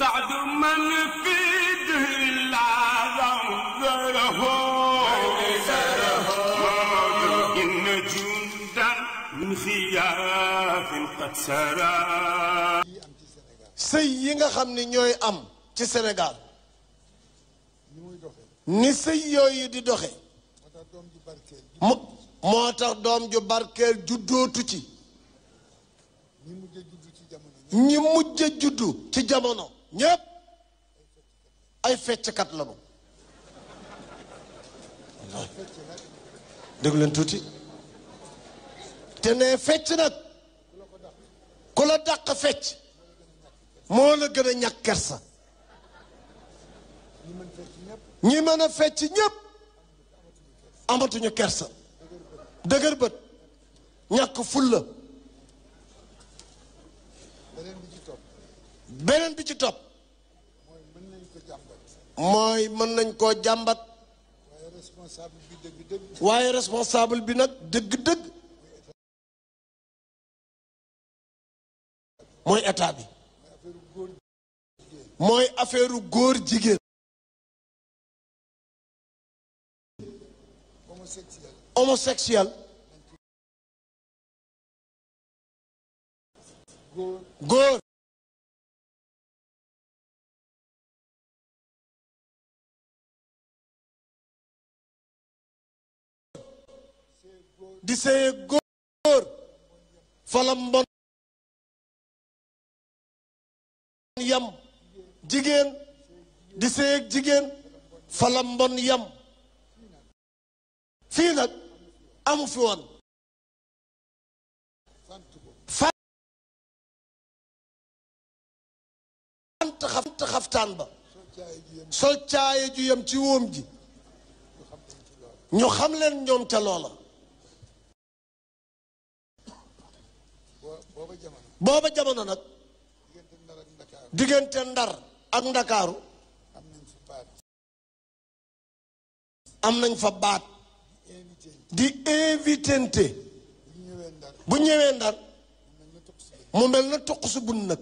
سعد من في دهر الله انظره إن جندا من خياف قد سرى sëy yi nga xam ni ñooy am ci Sénégal ni sëy yooyu di doxe mu moo tax doom ju barkeel juddootu ci ñi mujj juddu ci jamono ñépp ay fecckat la nu dégg leen tuuti te ne fecc nag ku la dàq fecc moo la gën a ñàkk kersa ñi mën a fecc ñépp amatuñu kersa dëgër bët ñàkk fulla benen bi ci top moy mën nañ ko jambat waye responsable bi nak deug deug moy état bi moy affaireu gor jigen homosexuel gor di sëye góor fala yam jigéen di sëyeeg jigéen fala mbon yam fii nag amu fi woon fant xaftaan ba sol caaye ju yam ci wóom ji ñu xam leen ñoom ca loola booba jamono nag diggante ndar ak ndakaaru am nañ fa baat di invitente bu ñëwee ndar mu mel na tuq su bun nag